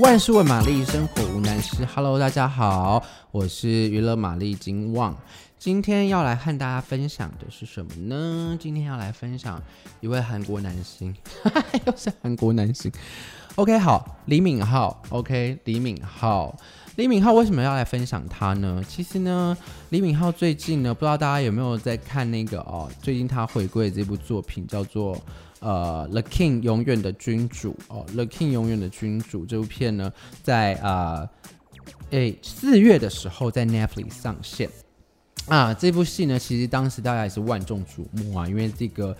萬事問瑪麗，生活無難事。Hello，大家好，我是娛樂瑪麗金旺。今天要來和大家分享的是什麼呢？今天要來分享一位韓國男星， 又是韓國男星。OK，好，李敏鎬。OK，李敏鎬。李敏鎬為什麼要來分享他呢？其實呢，李敏鎬最近呢，不知道大家有沒有在看那個哦？最近他回歸的這部作品叫做。呃，The King 永遠的君主哦，The King 永遠的君主這部片呢，在啊、呃，誒，四月的時候在 Netflix 上線啊，這部戲呢其實當時大家也是萬眾矚目啊，因為這個。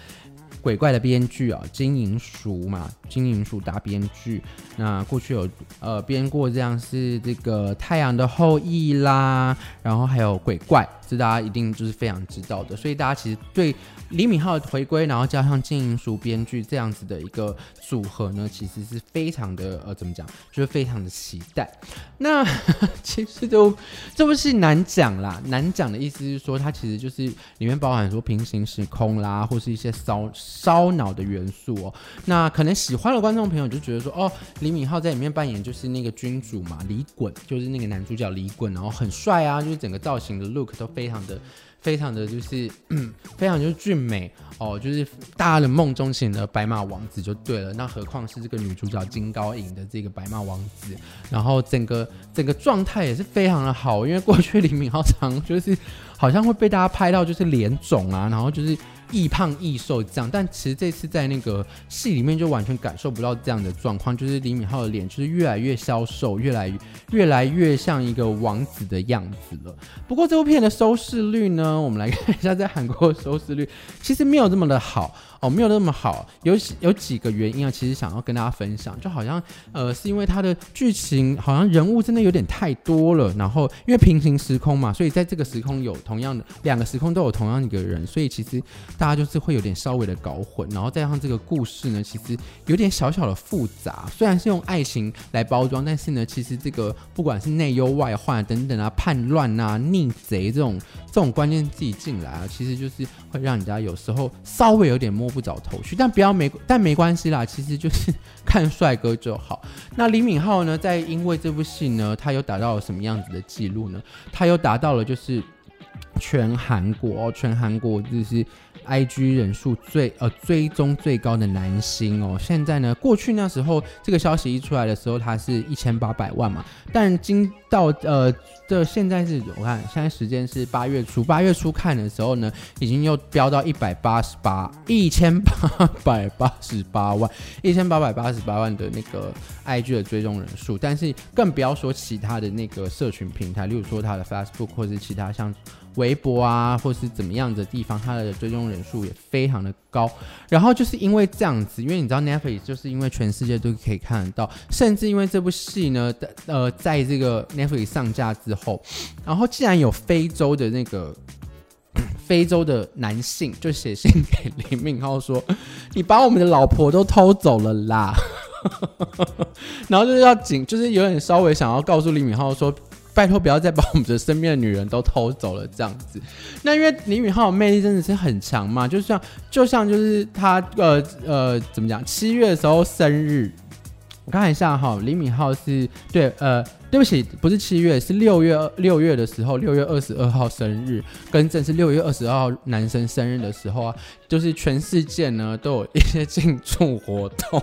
鬼怪的編劇啊，金恩淑嘛，金恩淑大編劇，那過去有呃編過這樣是這個太陽的後裔啦，然後還有鬼怪，這大家一定就是非常知道的，所以大家其實對李敏鎬回歸，然後加上金恩淑編劇這樣子的一個組合呢，其實是非常的呃怎麼講，就是非常的期待。那呵呵其實就這部戲難講啦，難講的意思是說它其實就是裡面包含說平行時空啦，或是一些騷。燒腦的元素哦，那可能喜歡的觀眾朋友就覺得說，哦，李敏鎬在裡面扮演就是那個君主嘛，李袞，就是那個男主角李袞，然後很帥啊，就是整個造型的 look 都非常的、非常的，就是非常就是俊美哦，就是大家的夢中情的白馬王子就對了，那何況是這個女主角金高銀的這個白馬王子，然後整個整個狀態也是非常的好，因為過去李敏鎬常就是好像會被大家拍到就是臉腫啊，然後就是。易胖易瘦這樣，但其實這次在那個戲裡面就完全感受不到這樣的狀況，就是李敏鎬的臉就是越來越消瘦，越來越，越來越像一個王子的樣子了。不過這部片的收視率呢，我們來看一下，在韓國的收視率其實沒有這麼的好哦，沒有那麼好。有有幾個原因啊，其實想要跟大家分享，就好像呃，是因為他的劇情好像人物真的有點太多了，然後因為平行時空嘛，所以在這個時空有同樣的兩個時空都有同樣一個人，所以其實。大家就是會有點稍微的搞混，然後再加上這個故事呢，其實有點小小的複雜。雖然是用愛情來包裝，但是呢，其實這個不管是內憂外患等等啊、叛亂啊、逆賊這種這種關鍵自己進來啊，其實就是會讓人家有時候稍微有點摸不着頭緒。但不要沒，但沒關係啦，其實就是看帥哥就好。那李敏鎬呢，在因為這部戲呢，他又達到了什麼樣子的記錄呢？他又達到了就是全韓國，全韓國就是。I G 人數最呃追蹤最高的男星哦、喔，現在呢，過去那時候這個消息一出來的時候，他是一千八百萬嘛，但今到呃的現在是我看現在時間是八月初，八月初看的時候呢，已經又飆到一百八十八，一千八百八十八萬，一千八百八十八萬的那個 I G 的追蹤人數，但是更不要說其他的那個社群平台，例如說他的 Facebook 或是其他像微博啊或是怎麼樣的地方，他的追蹤人。數也非常的高，然後就是因為這樣子，因為你知道 Netflix 就是因為全世界都可以看得到，甚至因為這部戲呢，呃，在這個 Netflix 上架之後，然後竟然有非洲的那個非洲的男性就寫信給李敏鎬說：“你把我們的老婆都偷走了啦！” 然後就是要緊，就是有點稍微想要告訴李敏鎬說。拜托，不要再把我們的身邊的女人都偷走了，這樣子。那因為李敏鎬的魅力真的是很強嘛，就像就像就是他呃呃怎麼講？七月的時候生日，我看一下哈、喔，李敏鎬是對呃，對不起，不是七月，是六月六月的時候，六月二十二號生日，跟正是六月二十二號男生生日的時候啊，就是全世界呢都有一些慶祝活動。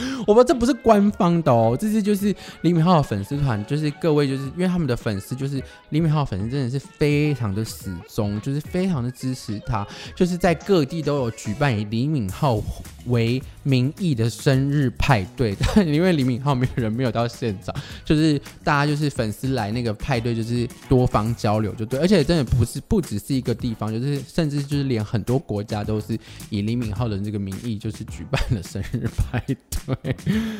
我們這不是官方的哦，這是就是李敏鎬的粉絲團，就是各位就是因為他們的粉絲就是李敏鎬粉絲真的是非常的死忠，就是非常的支持他，就是在各地都有舉辦以李敏鎬為名義的生日派對。但因為李敏鎬沒有人沒有到現場，就是大家就是粉絲來那個派對就是多方交流就對，而且真的不是不只是一個地方，就是甚至就是連很多國家都是以李敏鎬的這個名義就是舉辦了生日派對。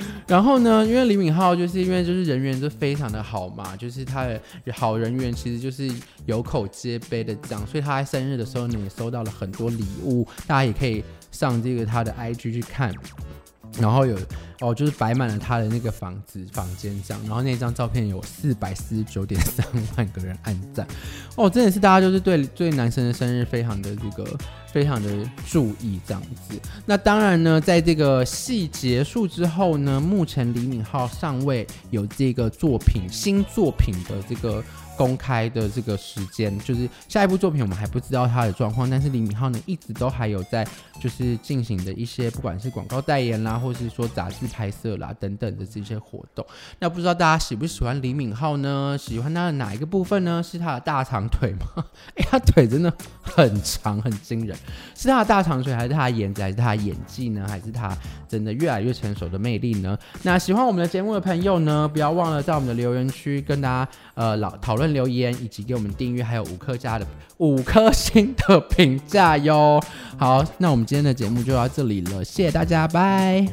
然後呢，因為李敏鎬就是因為就是人緣就非常的好嘛，就是他的好人緣其實就是有口皆碑的這樣，所以他在生日的時候，你也收到了很多禮物，大家也可以上這個他的 IG 去看。然後有哦，就是擺滿了他的那個房子房間這樣，然後那張照片有四百四十九點三萬個人按讚，哦，真的是大家就是對對男生的生日非常的這個非常的注意這樣子。那當然呢，在這個戲結束之後呢，目前李敏鎬尚未有這個作品新作品的這個。公開的這個時間，就是下一部作品，我們還不知道他的狀況。但是李敏鎬呢，一直都還有在就是進行的一些，不管是廣告代言啦，或者是說雜誌拍攝啦等等的這些活動。那不知道大家喜不喜歡李敏鎬呢？喜歡他的哪一個部分呢？是他的大長腿嗎？哎、欸，他腿真的很長，很驚人。是他的大長腿，還是他的顏值，還是他的演技呢？還是他真的越來越成熟的魅力呢？那喜歡我們的節目的朋友呢，不要忘了在我們的留言區跟大家呃老討論。留言、以及給我們訂閱，還有五顆加的五顆星的評價喲。好，那我們今天的節目就到這裡了，謝謝大家，掰。